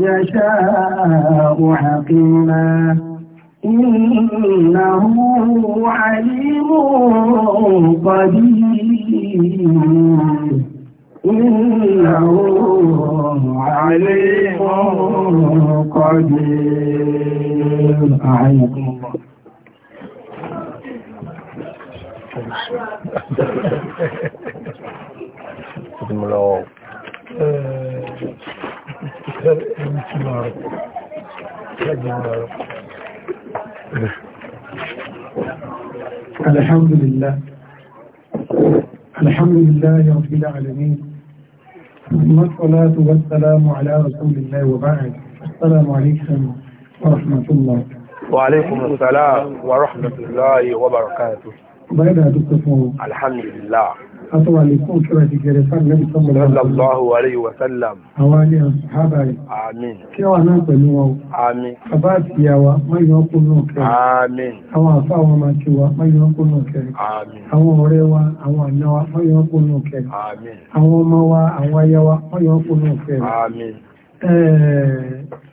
يشاء حكيما إنه عليم قدير إنه عليم قدير أعينكم الله الحمد لله الحمد لله رب العالمين والصلاة والسلام على رسول الله وبعد السلام عليكم ورحمة الله وعليكم السلام ورحمة الله وبركاته بعد هذا الحمد لله àtọwà lè fún kíra ti gẹ̀rẹ̀ sáà lẹ́bí sọ́mọ̀lá sallallahu alaihi wa sallam eh، àwọn ní àṣàbà rẹ̀ àmín kí wà náà pẹ̀lú wọn àmín bàbá àti ìyàwó mọ́yìn ọkùn náà kẹrẹ àmín àwọn àfá àwọn ọmọ kí wa mọ́yìn ọkùn náà kẹrẹ àmín àwọn ọ̀rẹ́ wa àwọn àna wa mọ́yìn ọkùn náà kẹrẹ àmín àwọn ọmọ wa àwọn aya wa mọ́yìn ọkùn náà kẹrẹ àmín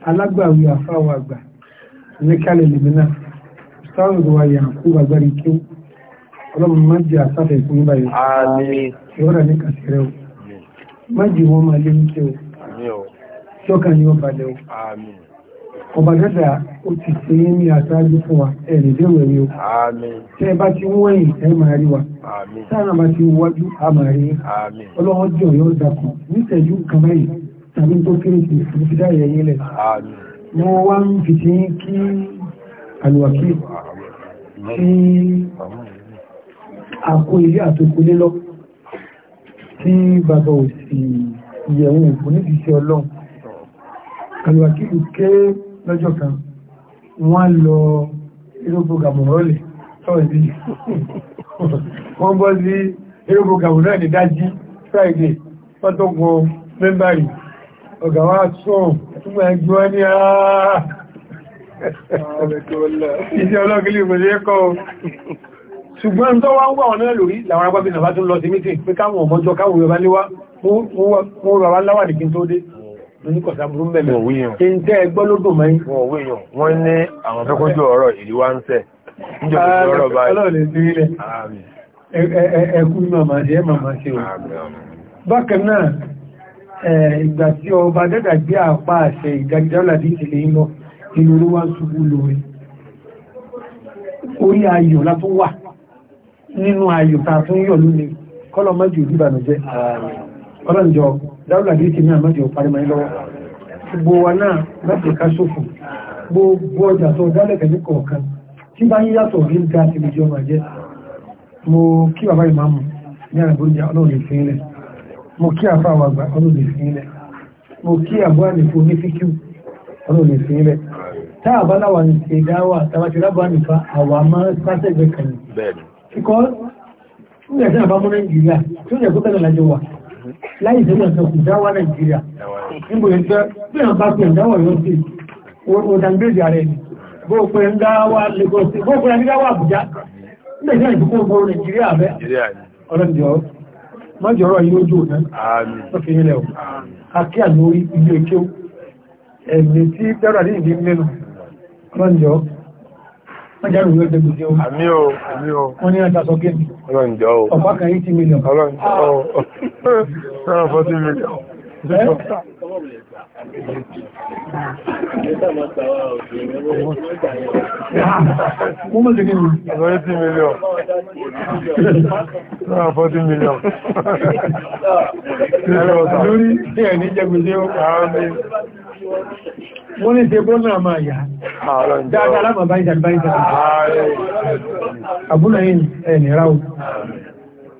alágbàwí ọlọ́run má jẹ́ àsáfẹ́ ìpín báyìí àmín ní kàṣẹ́rẹ́ o má jẹ́ wọn máa lé wípé o tí ọkàn yóò balẹ̀ o ọba dẹ́dà ó ti ṣe é ní àṣáájú fún wa ẹ̀rìn dẹ́wẹ̀ ni o tẹ́ bá ti ń ẹ máa rí wa sáà bá ti wájú a máa rí ọlọ́run jọ yóò dàkùn nítẹ̀jú kan báyìí tàbí tó kéré sí ìfúnfídà ẹ̀yẹ lẹ̀ mo wá ń fi ti kí àlùwàkí tí àkó ilé àtòkò lélọ́ tí bàbá ò sì yẹ̀wò òkú ní ìṣẹ́ ọlọ́run kàlùwàkìlù ké lọ́jọ́ kan wọ́n lọ erógbò gàmùrọ́lẹ̀ sọ́ọ̀dí wọ́n bọ́ sí erógbò gàmùrọ́lẹ̀ ní dájí Friday pọ́tọ́gbọ́ mẹ́mbàrí ọ̀gá wá sọ́ọ̀ túnmọ̀ ẹgbẹ́ wọ́n ní ààrẹ ṣùgbọ́n tó wá ń gbà wọn náà lórí làwọn agbábí náà bá tún lọ sí mítì pé káwọn ọmọjọ káwọn yorùbá níwá mú bàbá láwà ní kí n tó dé oníkọ̀sá burú mẹ́lẹ̀ kí n tẹ́ ẹgbọ́ lódò mẹ́yìn wọ́n ní àwọn tó kójú ọ̀rọ̀ ìlú wa ń tẹ̀ níjọba ọ̀rọ̀ báyìí bákan náà ìgbà tí ọba dẹ́dà gbé àpá àṣẹ ìdájọ́ làdí ìṣẹ̀lẹ̀ yìí lọ ìlú wa ṣubú lórí orí ayọ̀ la tó wà nínú ayò ta tún yọ̀ lónìí kọ́lọ̀ mọ́jù ìdíbànújẹ́ ọlọ́njọ́ dáúlà bí kìí náà mọ́jù parimọ̀ lọ́wọ́ gbogbo wa náà láti ká ṣòfò gbogbo ọjà tó dálẹ̀kẹ̀ ní kọ̀ọ̀kan tí bá yí yàtọ̀ rí ga ti lè jẹ́ ọmọ jẹ́ mo kí bàbá ìmáàmù ní àrẹ̀bójà ọlọ́run ìfínlẹ̀ mo kí ṣe dáwà nìfà kan because ní ẹ̀sẹ̀ àbámọ́ nàìjíríà tí ó jẹ́ kó tẹ́lẹ̀ lájọ wà láì ìṣẹ́lẹ̀ ọ̀sẹ̀ kò dáwà nàìjíríà níbo bí wọ́n bá pè ń dáwà yóò sí Mọ́jàrù yóò jẹ́ gbogbo àmì o, àmì o. Wọ́n ní ọjà sọ gẹ́ẹ̀mì. Ọlọ́njọ́ o. Ọ̀pá kan 80 million. Ọlọ́njọ́ o. Ọ̀rọ̀ 40 million. Mo mọ́ jẹ́gẹ́ mi. Ọ̀rọ̀ 80 million. Ọ̀rọ̀ 40 million. Lórí tí ẹ̀ ní jẹ́ gbogbo àmì mo ní ṣe gbọ́nà àmà àyà dáadáa lámà báyìí báyìí àbúnà yìí ẹni ráù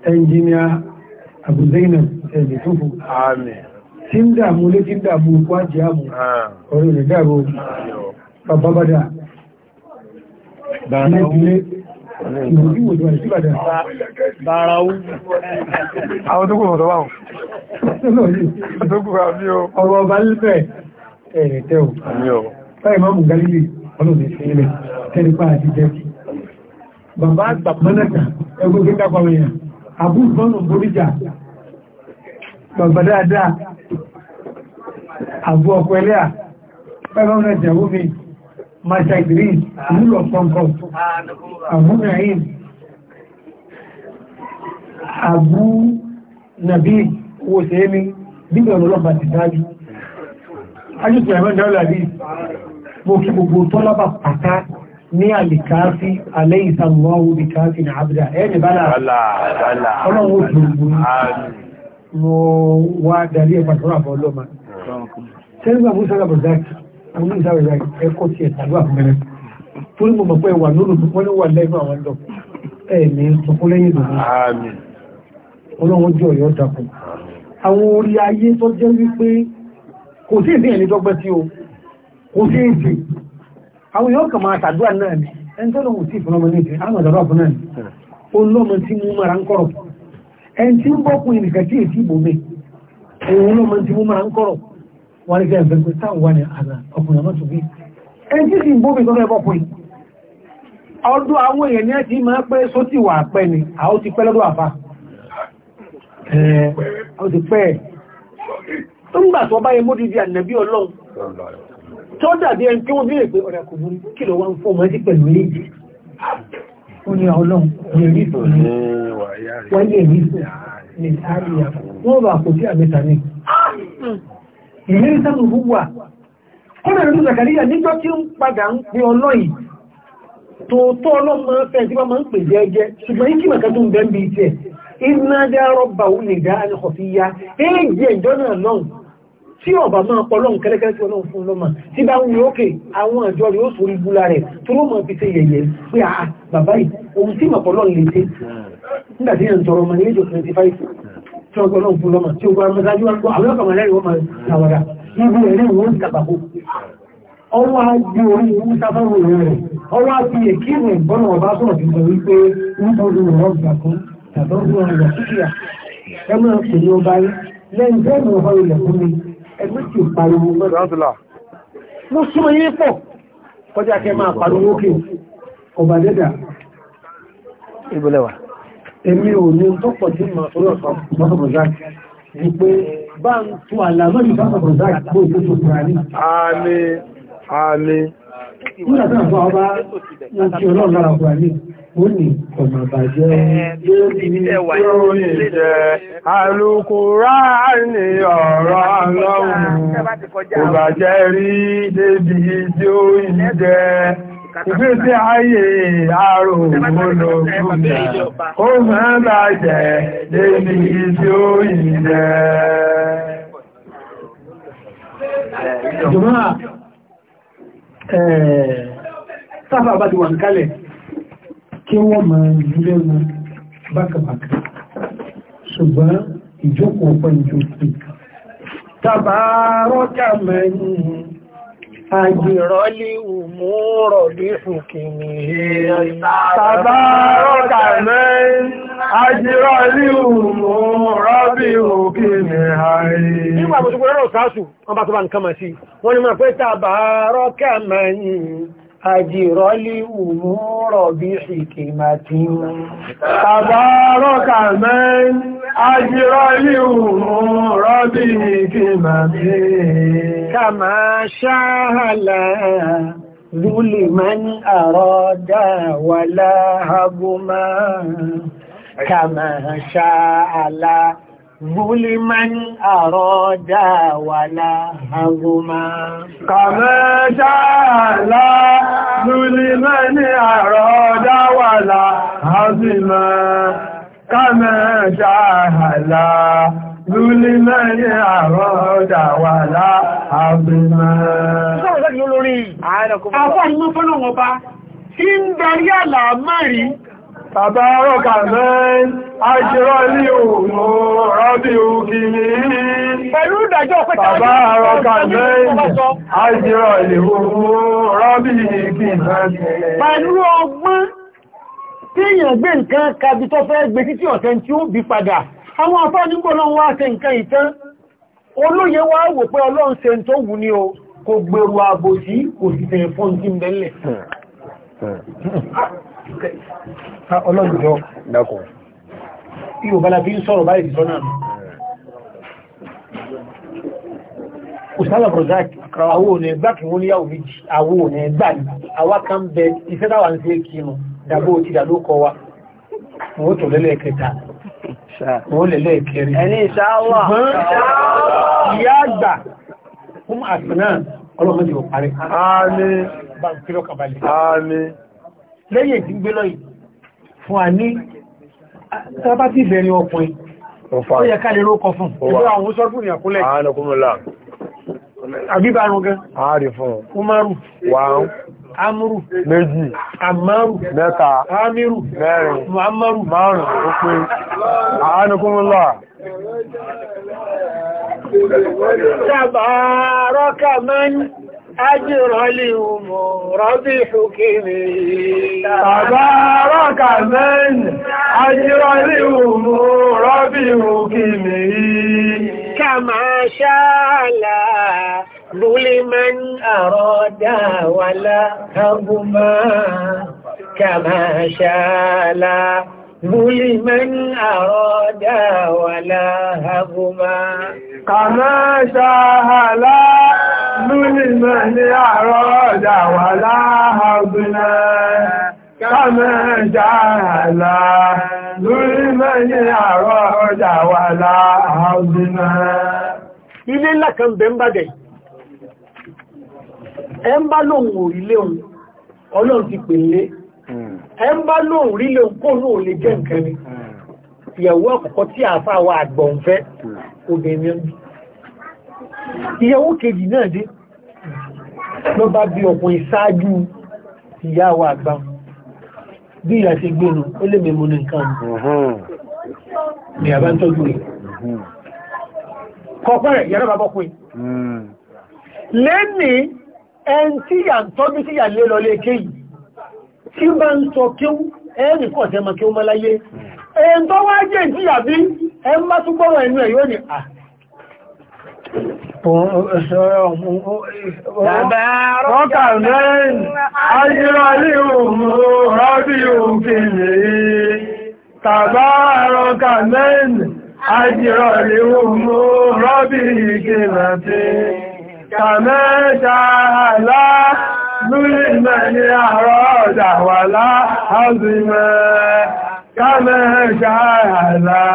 ẹnjìnìà àbúzẹ́nà ẹni tófù tí ń dàmú lé tí ń dàmú kó àjẹ́ àmù ọ̀rọ̀ rẹ̀ dàrú bàbá bàdà ilé Àwọn tó kù mọ̀ tó wà Ọ̀rọ̀ ọba ń ẹ̀rẹ̀ tẹ́ ò táì máa mú galilei ọlọ́dẹ sí ilẹ̀ tẹ́lẹ̀pá àti jẹ́kì bàbá àgbà mọ́nàkà ẹgbẹ́ gẹ́gà pàmìyàn àbúrúfọ́nù boríjà bàbá dáadáa àbú ọkọ̀ ẹlẹ́à pẹ́lọ́nà ìjàwó mi masha green múlọ̀ pọ́nkọ́ àbúrúnàín àbú nàbí owó sẹ́yẹ́mí bí bẹ̀rẹ̀ ọlọ́pàá ti dájú ajútù ẹ̀mọ́ ìdáwọ̀lá bí mo kí gbogbo tọ́lọ́bà pàtà ní àlìkáfí aléìsàmọ́wò bí káfí ní àbúdá ẹni bá ọlọ́wọ́ gbogbo mo wá darí ẹ̀ pàtàkì àbọ̀ ọlọ́mà sẹ́gbà mú sára bọ̀dáàkì àwọn mú sára bọ̀dáàkì ẹ̀kọ́ sí ẹ̀ tàbí àfúnmẹ́rẹ́ torí mo mọ̀ pé wà lóru tó wọ́n wà lẹ́nu àwọn lọ ẹ̀mí tọkún lẹ́yìn lòun ọlọ́wọ́ jẹ́ ọ̀yọ́ dàkùn àwọn orí ayé tó jẹ́ wípé kò sí ìdí ẹni dọ́gbẹ́ tí o kò sí ìdí àwọn yóò kàn máa tàdúrà náà ni ẹni tó lóhùn sí ìfúnnọ́mọ ní fún náà ni olóòmọ tí mú mara ń kọ̀rọ̀ ẹni tí ń bọ́kùn ìrìnkà tí èsì ìbò mi òun olóòmọ tí mú mara ń kọ̀rọ̀ wọn gẹ́gẹ́ bẹ́ẹ̀ pé táwọn si ni ńgbà tó bá emó dìdí ànàbí ọlọ́run tó dàbí ẹni tí wọ́n bí rẹ̀ pé ọ̀rẹ́ kò burú kí lọ wá ń fọ́ mọ́sí pẹ̀lú èdè ó ní ọlọ́run yẹ̀rí fún wọ́n yẹ̀rí fún ní àríyá wọ́n bá kò sí ìrírí sábà ọlọ́mọ fẹ́ tí wọ́n máa ń pè jẹ́jẹ́ ṣùgbọ́n ikí màkà tó ń bẹ́ ń bi tiẹ̀ ìnáda rọ́bà ò lè dá ní ọ̀fíyá èjì ẹjọ́ náà lọ́n tí ọba máa pọ̀ lọ́n kẹ́lẹ́kẹ́lẹ́ tí ọlọ́run fún lọ́mà tí bá ń lókè àwọn àjọ rẹ̀ ó sórí búlá rẹ̀ tó ló mọ̀ fi ṣe yẹ̀yẹ̀ pé àà ah, bàbá yìí ohun tí màpọ̀ lọ́n lè ṣe nígbà tí yẹn tọrọ ọmọ ní ẹjọ́ 25 tí ọgbọ́n lọ́n fún lọ́mà tí ó gbọ́ amọ́sájú wọn gbọ́ àwọn ọkọ̀ mọ̀lẹ́rìn wọn máa tàwàrà níbi ẹ̀rẹ́ wọn kàbàkó ọwọ́ agbé orí ìwúsáfẹ́ tàbí ọgbọ́n ọ̀rọ̀ kíkìá ẹ máa pè ní ọba yín lẹ́yìn bẹ́ẹ̀ ni ọba ilẹ̀ fún mi ẹgbẹ́ tí ò pariwo mọ́. mo súnmọ́ yín pọ̀ kọjá kẹ́ máa pariwo kí ọba dẹ́dà. ìbúlẹ̀ wa. èmi ò ní tó pọ̀ sí màtúrọ̀ sọ́kọ̀ọ̀sá ni pé bá ń tún àlàmọ́ ìbá sọ̀rọ̀sá ìgbó ìgbó tó kúrò ní. àmín àmín. nígbà tí àwọn ọba ń ti ọlọ́run lára kúrò ní ó ní ọmọ àbàjẹ́ Àlùkùránì ọ̀rọ̀ Ọlọ́run kò bàjẹ́ rí débi tí ó yí jẹ́ ìgbésí ayé àrò olóògbé ó máa bàjẹ́ débi tí ó yí jẹ́ Jọmọ́, ẹ̀ẹ́, sáfà bá ti wà ní kálẹ̀ kí wọ́n máa jù lẹ́nu bákàbàkà ṣùgbọ́n ìjókòó ọ̀pọ̀ ìjókòó tàbárọ́kà mẹ́rin Àjìrọ́lé òmúrọ̀ bí fòkè ní Tàbárọ́kà mẹ́rin, àjìrọ́lé òmúrọ̀ bí fòkè ní ààrẹ. Nígbà àbòsùgbò lọ́rọ̀ sáàsù, wọ́n bá tó bá nǹkan mọ̀ sí, wọ́n ni máa pẹ́ tàbárọ́kà mẹ́rin. أجر الأمور بحكمة تبارك من أجر الأمور بحكمة كما شاهل ذو لمن أراد ولا هبما كما شاء ظلماً أراد ولا هضما كما جعل ظلماً أراد ولا هضما كما جعل ظلماً أراد ولا هضما Àwọn ọmọ fọ́nà wọn bá, kí ń darí àlàmọ́ rí Tàbárọ̀kà mẹ́rin, àṣírọ́ ní òun rọ́bí òkì ní. Pẹ̀lú ìdájọ́ pẹ̀lú tàbárọ̀kà mẹ́rin, àṣírọ́ ní òun rọ́bí òkì ní. Pẹ̀lú ọgbọ́n tí èèyàn gbé nǹkan kàbí tó fẹ́ gbé títí ọ̀tẹ́ tí ó bí padà. Àwọn afọ́ nígbò wá ṣe nǹkan ìtàn. Olóye wá wò pé Ọlọ́run ṣe tó wù ní o, kò gbèrò àbòsí, kò sì tẹ̀ fọ́n tí ń bẹ́lẹ̀. ọlọ́jọ́ dákọ̀ tí ò fi ń sọ̀rọ̀ báyìí sọ́nà nù brozak àwọ̀ òní ẹgbà kí wọ́n Awo yàwó méjì àwọ̀ òní ẹgbà ní àwákà bẹ iṣẹ́ ń fi kí nù dàbó ti dà ló kọ wa wọ́n tó lẹ́lẹ́ lẹ́lẹ́ ẹni lẹ́yìn tí ń gbé lọ́yìn fún àní tàbá ti bẹ̀rẹ̀ ọkùnrin ó yẹ ká lè rókọ fún ìlú àwọn sọ́gbùn ní àkúlẹ̀ àbíbarun gan ààrẹ fún umaru wàán amuru méjì amaru mẹ́ta amiru mẹ́rin muhammaru márùn ó pé àánukúnmọ́lá Tàbárọ́kà mẹ́rin أجر الأمور بحكمه تبارك من أجر الأمور بحكمه كما شاء لا لمن أراد ولا هضما كما شاء لا لمن أراد ولا هضما كما شاء لا ظلم أراد ولا ọjà ilé ńlá kan ń bá dẹ̀ ẹ ń bá lóhun ọlọ́run ti pè lé hmm. ẹ ń bá lóhun rí lóhun kó lè jẹ́ nǹkan ni hmm. ìyàwó tí àfáwà àgbọ̀nfẹ́ hmm. obìnrin ìyàwó kejì náà dé ló bá bí ọkùnrin ṣáájú ìyáwó àgbà bí ìyá ṣe gbénu ó lè mẹ́mú ní nǹkan ni àbá ń tọ́jú rẹ̀ kọ̀ọ̀pọ̀ rẹ̀ yàrá bàbá ọkùnrin hmm. lẹ́ni ẹn tí yà ń tọ́jú sí yà lé lọ lé kéyìí tí bá ń sọ kéwú ẹni kọ̀ tẹ́mà kéwú mọ́láyé hmm. ẹn tó wá jẹ́ ìjìyà bí ẹn Tàbárọ́kà mẹ́rin, ajíralé òmò rọ́bí òkèlè. Tàbárọ́kà mẹ́rin, ajíralé òmò rọ́bí ìkèlè. Kàmẹ́ta àlá lórí mẹ́ni àrọ́ ọ̀dàwàlá, azìmẹ́, kàmẹ́ta àlá.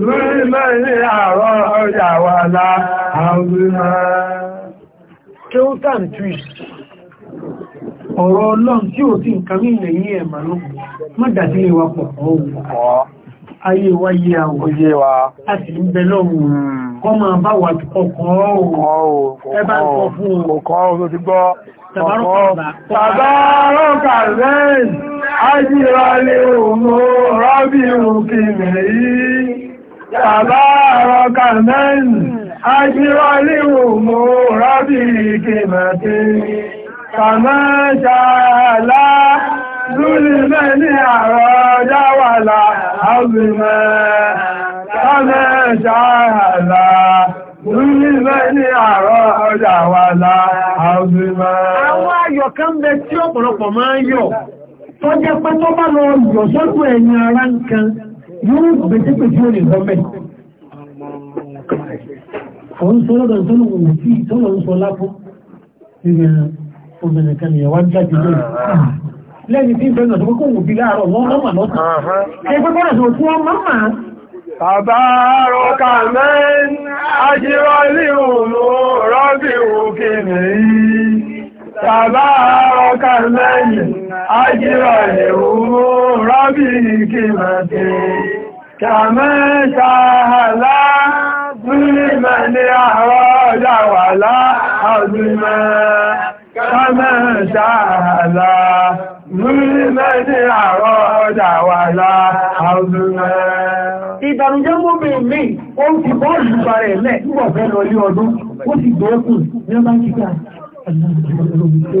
lórí mẹ́rin Ọ̀rọ̀ ọlọ́run tí ò sí nǹkan mí ilẹ̀ yí ẹ̀mà náà mọ́ dàtí lè wa pọ̀ ọ̀hún. Ayé wa yí àwọ̀. wa. A sì ń bẹ lọ́run. Kọ́ máa bá wà ọkọ̀ ọ̀hún. Bàbá àrọ́kà mẹ́rin, aṣírọ́ léwò mú rọ́bì kèmàtí. Kàmá ṣàlá lúlì mẹ́ni àrọ́ dáwàlá àbìmọ̀. Kàmá ṣàlá lúlì mẹ́ni àrọ́ dáwàlá àbìmọ̀. Àwọn ayọ̀ kan bẹ tí ọ̀pọ̀lọpọ̀ máa ń yọ̀, tó jẹ́ pé tó bá lọ yọ̀ sọ́tọ̀ ẹ̀yìn ara nǹkan yóò bẹ̀tẹ́ pé tí ó lè rọ́mẹ̀ àwọn sọ lọ́dọ̀ tó lò wù sí tó lọ sọ lápò nígbà obìnrin kan ìyàwó jáde lónìí lẹ́yìn tí ìfẹ́ náà tó kókò wù bí láàárọ̀ wọ́n mọ́mà lọ́sàn Tàbárọ̀kà mẹ́rin ajíwọ́ ilé òun rọ́bì òkè nìyí. Tàbárọ̀kà mẹ́rin أجر الأمور بحكمته كما سهل ظلما أراد ولا عظما كما سهل ظلما أراد ولا عظما Ìbànújẹ́ mọ́bìn mi, ó ti bọ́ọ̀lù parẹ̀ lẹ́ nígbà fẹ́ lọ ilé ọdún, ó sì gbé ẹkùn ní ọba kíkà. Àjọ́ ìjọba lórí tó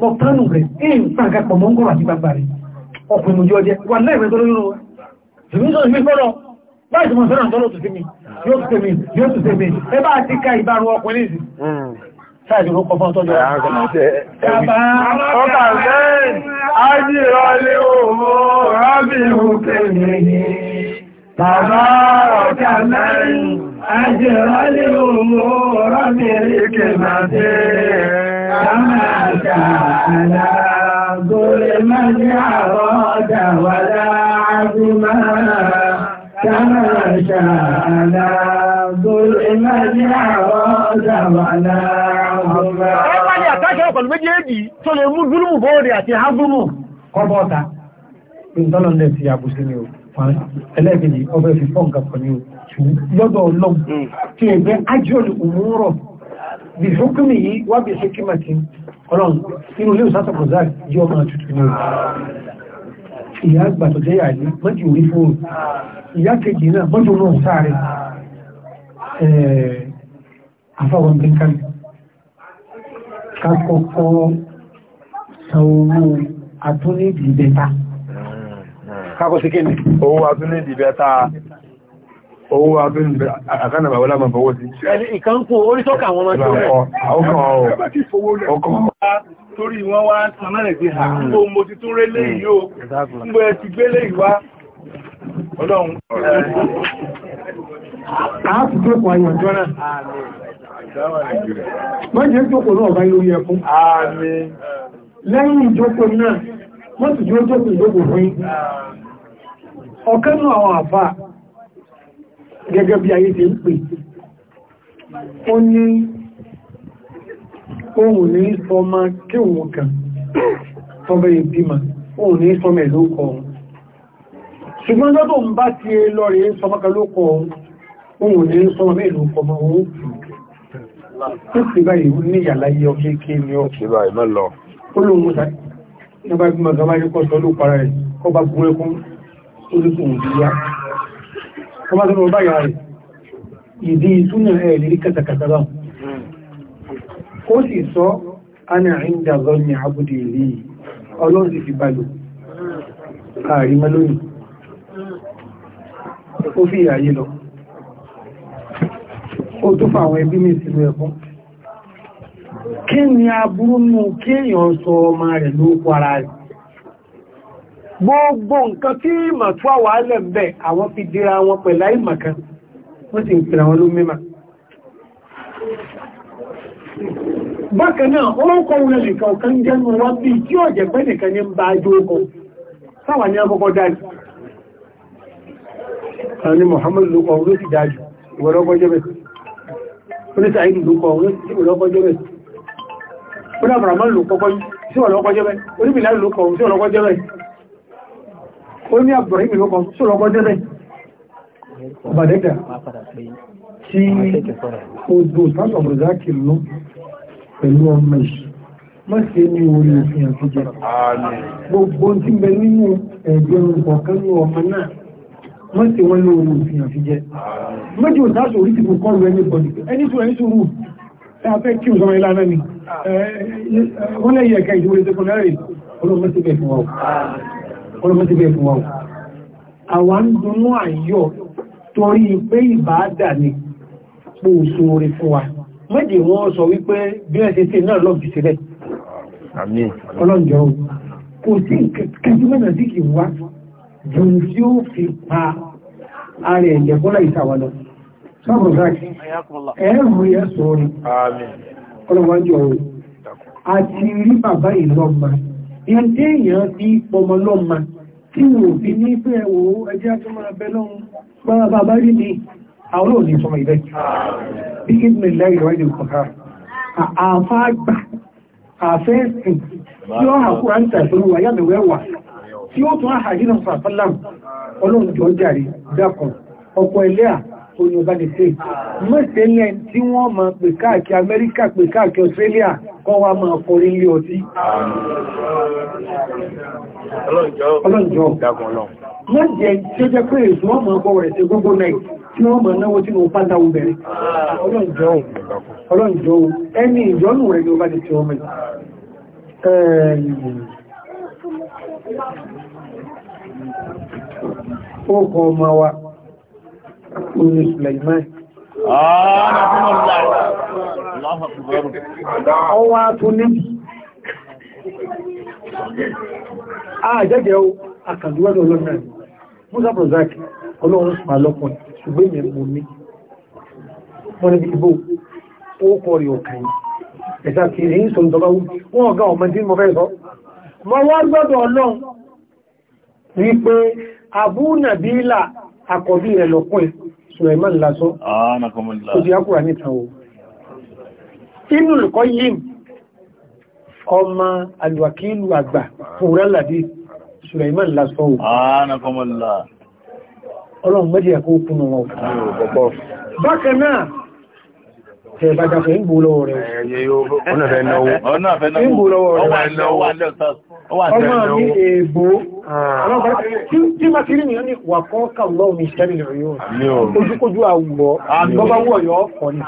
mọ̀ tánù rẹ̀ èyí pàǹkà pọ̀ mọ́ ń gọ́rọ̀ àti gbàgbà rẹ̀ ọkùnrin mojú ọjẹ́ wà láì rẹ̀ tó lórí wọn ṣùgbọ́n ìgbé fọ́rọ̀ báyìí mọ̀ fẹ́ràn tọ́lọ̀ tó tẹ́mi yóò tó tẹ́mi yóò tó tẹ́mi ẹ bá ti ka ìbáru ọkùnrin sí sáàdì ló kọfọ́ tọ́jọ́ ọba bẹ́ẹ̀ ajírọlé òmò rábì òkèlè bàbá ọ̀kà mẹ́rin أجر الأمور بالحكمة كما كان ظلم الجراد ولا عزما كما كان ظلم Ẹgbẹ́ ni àtàṣẹ́ ọ̀pọ̀lú tó lè mú àti ni ó. pàán ẹlẹ́gbẹ̀ẹ́ ọbẹ̀ fi fọ́n ga pẹ̀lú lọ́dọ̀ ọlọ́m tí ó gbé ájọ́lù òmúrọ̀ bí fúnkúnmí yìí wá bí ṣekímàtí ọlọ́run inú ilé òsátọ̀ bọ̀zá yọ máa tutù ní ìyá àgbà tó jẹ́ yàrí mọ́jì orí fóòrù ìyá kákọ́sí kí ni owó atún ní ìdìbẹ̀ táa owó atún ní àkánàbà wọ́lá máa fọwọ́ sí ìkankún orí tọ́ka àwọn ọmọ tó rẹ̀ torí wọ́n wá sanálẹ̀ sí ha tó mo ti tún rélé yíó gbé ti gbélé ìwá ọlọ́run àápùpẹ́kọ̀ ayọ̀ jọ́nà mọ́jẹ́ jókòó náà bá ilé ẹkún lẹ́yìn ìjókòó náà mọ́sùn tí ó jókòó ìjókòó fún ọ̀kánú àwọn àfà gẹ́gẹ́ bí ayé ti ń pè ó ní ohun ní sọmọ kí òun kan tọ́bẹ̀ ìbímọ ohun ní sọmọ ìlókọ̀ ohun ṣùgbọ́n tọ́tọ̀ ń bá ti lọ rí sọmọ kan lókọ̀ ohun ohun ní sọmọ mẹ́lókọ̀ mọ́ ohun tó sì báyìí ní yàláyé ọkéèké ní ọ̀pọ̀ olùkùn ìdíyà ọmọ tó mọ̀ báyà rẹ̀ ìdí ìtúnà ẹ̀ lè kàtàkàtà sì sọ ana inda zọ́nyà abúdé rí ọlọ́run sì fi balò ààrí mẹ́lónì ó fi ìyàyé lọ ó tó fà àwọn ẹbí mi sínú ẹ̀kún kí ni aburú nù kí èèyàn sọ ọmọ rẹ̀ ló kọ ara rẹ̀ gbogbo nǹkan tí ìmọ̀ tó àwà alẹ̀ ń bẹ̀ àwọn fi dira wọn pẹ̀lá ìmọ̀ kan wọ́n sì ń pèrà wọn ló mímọ̀ bákan náà orúkọ wulẹ̀ nìkan kan jẹ́nu wá bí tí ó jẹ́ pẹ́ nìkan ní ń bá ajú okọ̀ sáwà ní akọ́kọ́ dájú sani Muhammad lukọ̀ ló sì dájú ìwọ̀lọ́kọ́ jẹ́bẹ̀ oníṣà ìlú lukọ̀ ló sì ìwọ̀lọ́kọ́ jẹ́bẹ̀ oníṣà ìlú lukọ̀ sí ìwọ̀lọ́kọ́ jẹ́bẹ̀ ó ní àbúrẹ́mì lọ́kọ̀ sọ́rọ̀kọ́ jẹ́rẹ̀ bàdẹ́gà tí odò sásọ̀bùrùzákì lọ pẹ̀lú ọmọ ìṣù má ṣe ní orí òfin àti jẹ́ gbogbo tí bẹ nínú ẹgbẹ̀rún kọ̀ọ̀kan ní ọmọ náà má ṣe wọ́n ní orí òfin àti jẹ́ méjì ò sáṣọ orí ti kò kọ́ lu ẹni bọ̀dì ẹni tó ẹni tó rù ẹ afẹ́ kí òṣọmọ ilá náà ni wọ́n lẹ́yìn ẹ̀ka ìdúró ẹ̀sẹ̀kọ̀lẹ́rì ọlọ́mọ sí bẹ̀ fún wa olóòtú bẹ́ẹ̀ fún wọn àwa ń dunú àyọ̀ torí pé ìbáadà ni pò sóore fún wa méjì wọ́n sọ wípé bí ẹ̀ṣẹ̀ tí náà lọ́bì sílẹ̀ ọlọ́njọ́ kò sí kẹjúmọ́nà sí kì wá jù tí ó fi pa ààrẹ ẹ̀jẹ̀ fọ́lá ìsàwà lọ sọ́bùrù sáàkì ẹ̀rù yẹ sóore ọlọ́wọ́njọ́ àti rí bàbá ìlọ́gbà ìdí èèyàn bí pọmọ lọ́mà tí wò bí ní pé ẹwò ẹjẹ́ tó máa bẹ lọ́n gbára bàbá rí ní àwọn òní sọmọ ìbẹ́ bí i ní lẹ́yìn ìwádìí ìkọ̀ká àfáàgbà àfẹ́ẹ̀sìn tí ó hà kúrò àǹtà tó wà yá mẹ́wẹ́wà tí ó oyin ọba nìpe mẹ́sẹ̀ ní ẹni tí wọ́n ma pè káàkiri Amẹ́ríkà pè káàkiri Australia kọ́ wa ma fọrí ilé ọtí ọlọ́njọ́ wọ́n jẹ́ tí ó jẹ́ pé èsù wọ́n ma bọ́ rẹ̀ sí gbogbo náà tí wọ́n ma náwó tí wọ́n pátá obìnrin ọlọ́njọ́ ẹni ìjọ́nù rẹ̀ ni ọba ní tí wọ́n mẹ́ Ó kọ ọmọ wa, orí Suleiman ọwọ́ tún níbi àjẹ́jẹ́ ah, o àkàndúwẹ́lú ọlọ́nà Musa Prozak ọlọ́run sùn àlọ́pọ̀ ṣùgbé mi mú ní wọ́n ni ìbò ó kọ́ rí ọkàn ẹ̀sà kì í sọ ìjọba wọ́n ọ̀gá ọmọ tí mo fẹ́ sọ mọ́ wọ́n gbọ́dọ̀ ọlọ́run wípé Abu Nabila akọ̀bí rẹ̀ lọ́kún ẹ̀ Suleiman lásọ́ tó ti ákùrà ní ìtàwó inú lùkọ́ yìí ọmọ alùwàkílù àgbà fòrán làdí Suleiman lásọ́ ah, ọlọ́run mẹ́jẹ̀ kó kúnnà wọn ah, bákan náà tẹ̀ bá jàfẹ́ ń gbòó lọ́wọ́ rẹ̀ ọ̀nà fẹ́ náwó ọ̀nà fẹ́ náwó ọmọ mi èèbó ah. tí ma kiri nìyàn ni wà kọ́ kàlọ́ mi ṣẹ́rì lọ́yọ́ ojúkójú àwọ̀ bọ́bá wọ̀ yọ́ ọ̀nà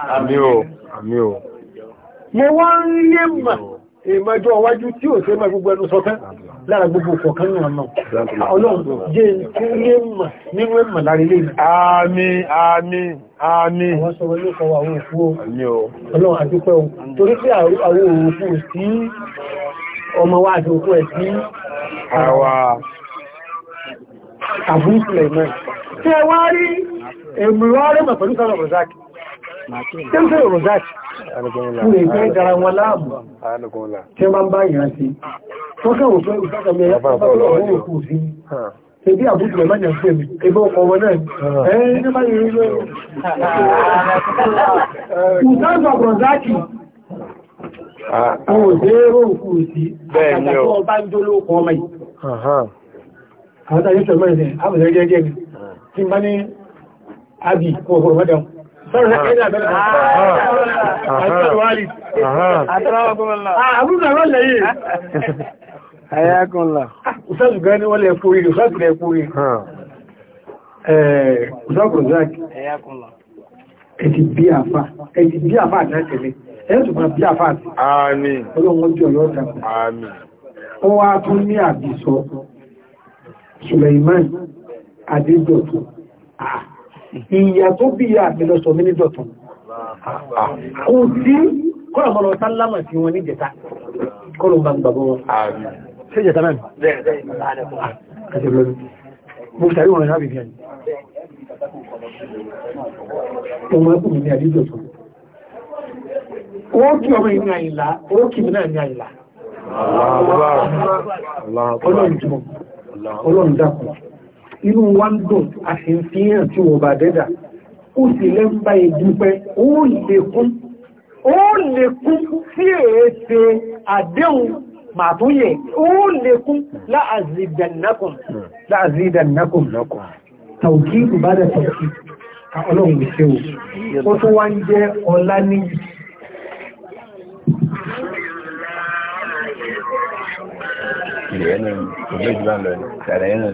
mo wá ń lé mà ìmọ̀jọ́ iwájú tí ò ṣe mọ̀ gbogbo ẹnu sọ́tán lára gbogbo ọ̀kọ̀kan náà náà ọlọ́run jẹ́ nínú ẹ̀mọ̀ lárí lè mọ̀ àmín àmín àmín àwọn sọ̀rọ̀ ilé kọwà àwọn òkú ọlọ́run àdúpẹ́ o torí pé àwọn òkú sí ọmọ wa àti òkú ẹ̀ sí àwà àbúrúkú tí ń fẹ́ rosat ní ìfẹ́ dára wọn láàbù tí wọ́n bá yàn sí tọ́kẹ́ òfẹ́ ìfẹ́kàmì ẹ̀yà pàtàkì ọ̀rọ̀ òkú sí Ebi àbúrú ẹ̀má jẹ́ fún mi, ebi ọkọ̀ wọn náà, ẹ̀ẹ́ ní bá yìí rí lórí. Ìsáàsọ̀ Brọ̀záàkì, òun dé rò kú sí, àtàkọ́ ọba ń jóló ọkọ̀ ọmọ yìí. Àwọn tàbí sọ̀rọ̀ mẹ́rin, àbùsẹ̀ gẹ́gẹ́ ni, tí ń bá ní àbì kọ̀ ọ̀pọ̀ mẹ́dàun. Ah, Ayákùnlá. Ustaz Gani wọ́n lè fúrí, Ustaz lè fúrí. Eh, Ustaz Gonzaki. Ayákùnlá. Ẹti bí àfá, ẹti bí àfá àti ẹ́tẹ̀lé. Ẹni tó bá bí àfá àti. Àmín. Ọlọ́run jọ yọ́ ọ̀tà. Àmín. Ó wá tún ní àbìsọ, Suleiman, Adéjọ́tò. Ah ìyà tó bí i àmìlọ́sọ̀ mi ní dọ̀tún kò sí kọ́lọ̀mọ́lọ́ sálámà sí wọn ní jẹta kọ́lọ̀mbà gbàgbọ́ wọn ṣe jẹta mẹ́rin mo sàrí wọn lábìbí ẹni ọmọ ẹkùn mi ní àdíjọ tó wọ́n kí ọmọ ìní àyìnlá ó kí mi náà ní àyìnlá ọlọ́run jùmọ̀ ọlọ́run dákùnmọ̀ inú wa ń dùn a sì ń fi hàn tí wọ́n bá dẹ́dà ó sì lẹ́mbà ìdúpẹ́ ó lè kún ó lè kún sí èése àdéhùn màtúnyẹ̀ ó lè kún láàzìdànnákùn láàzìdànnákùn lọ́kùn tàùkí ìbádà tàùkí ọlọ́run ìṣẹ́ o ó tó wá ń jẹ́ ọlá ní ìrẹ́nà ìgbẹ́jùlá lọ ìtàrẹ́nà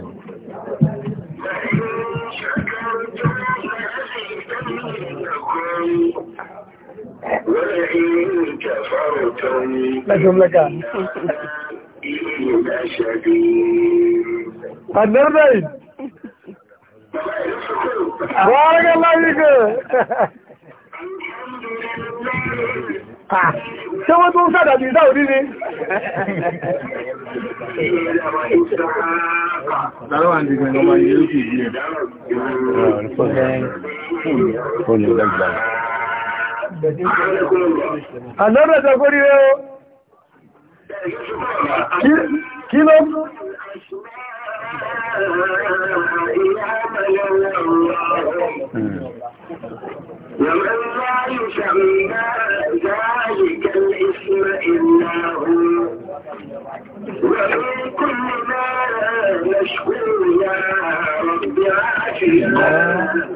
كفرتم لجملة قد نرضي بارك الله فيك ṣé wọ́n tó ń sàdàbí ìdá òdí ni Dáríwà ní ìgbẹ̀rẹ̀ ọmọ yìí ó sì bí ẹ̀. Ọ̀rọ̀ ìfọ́sẹ́ fún ìgbẹ̀gbẹ̀. Àdọ́bẹ̀ sọ kó rí ó. Kí ló mú? ومن لا يشعر ذلك الاسم إلا هو ومن كل ما نشكو يا رب عافينا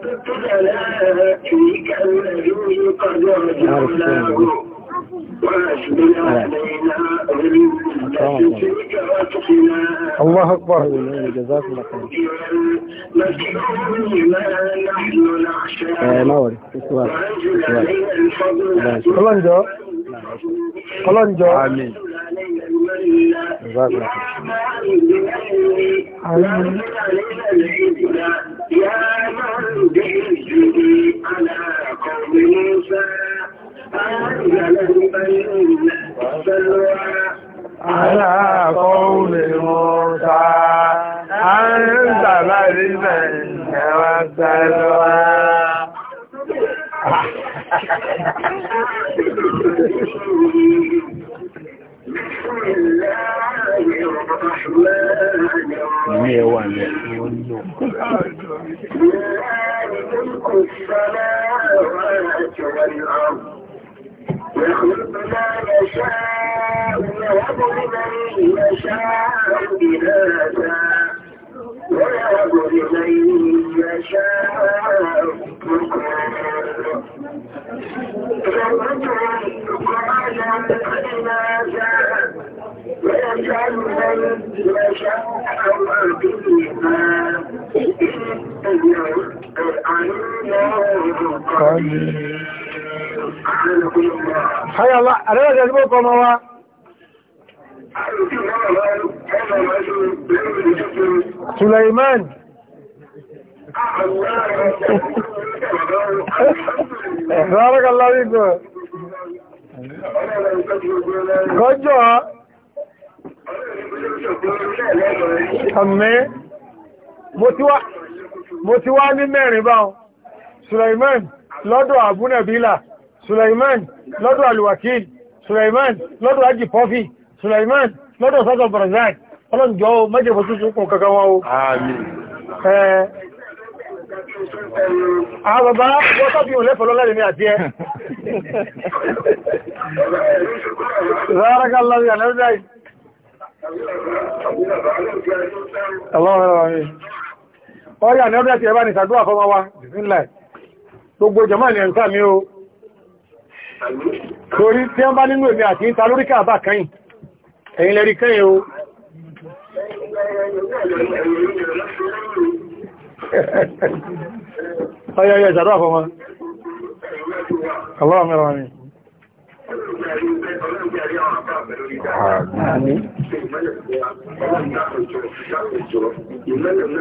الله أكبر جزاكم الله خير ما وري kọlọ́njọ́ kọlọ́njọ́ àmín ìzáàkùn àmín Thank you. Hayala, àrẹ́lẹ́gẹ̀ẹ́gbẹ́ ọkọ̀ ọmọ wa. Suleiman. Bárakàlá rígbò. Gọ́jọ́. Àmì. Mo ti wá ní mẹ́rin báun. Suleiman lọ́dọ̀ Abúnàbílà. Suleiman lọ́dọ̀ Alwakil. Suleiman lọ́dọ̀ Ajipọ́fì. Sulaiman lọ́dọ̀ sọ́dọ̀ Barzak ọlọ́n jọ mẹ́jẹ̀bọ̀ tó ṣúkùn kankan wá o. Àwọn bàbá wọ́n tọ́bí òun lẹ́fẹ̀ẹ́ lọ́lẹ́rẹ̀ ní àti ẹ. Rárá lọ́rí àlẹ́rẹ́ Ọ̀rẹ́ àlẹ́rẹ́ ti ẹbá ní ṣàdúwà fọ́mọ wa, ìsinlẹ̀. Gbogbo jẹ́mọ́ ni ẹ̀ǹsà mi o. Torí tí wọ́n bá nínú èmi àti ìta lóríkà bá kẹ́yìn ẹ̀yìn lẹ́rí kẹ́yìn o ọyọ́ ọyọ́ ìṣàdọ́ àfọ́ wọn ọlọ́rọ̀ mẹ́rọ ni Àmín.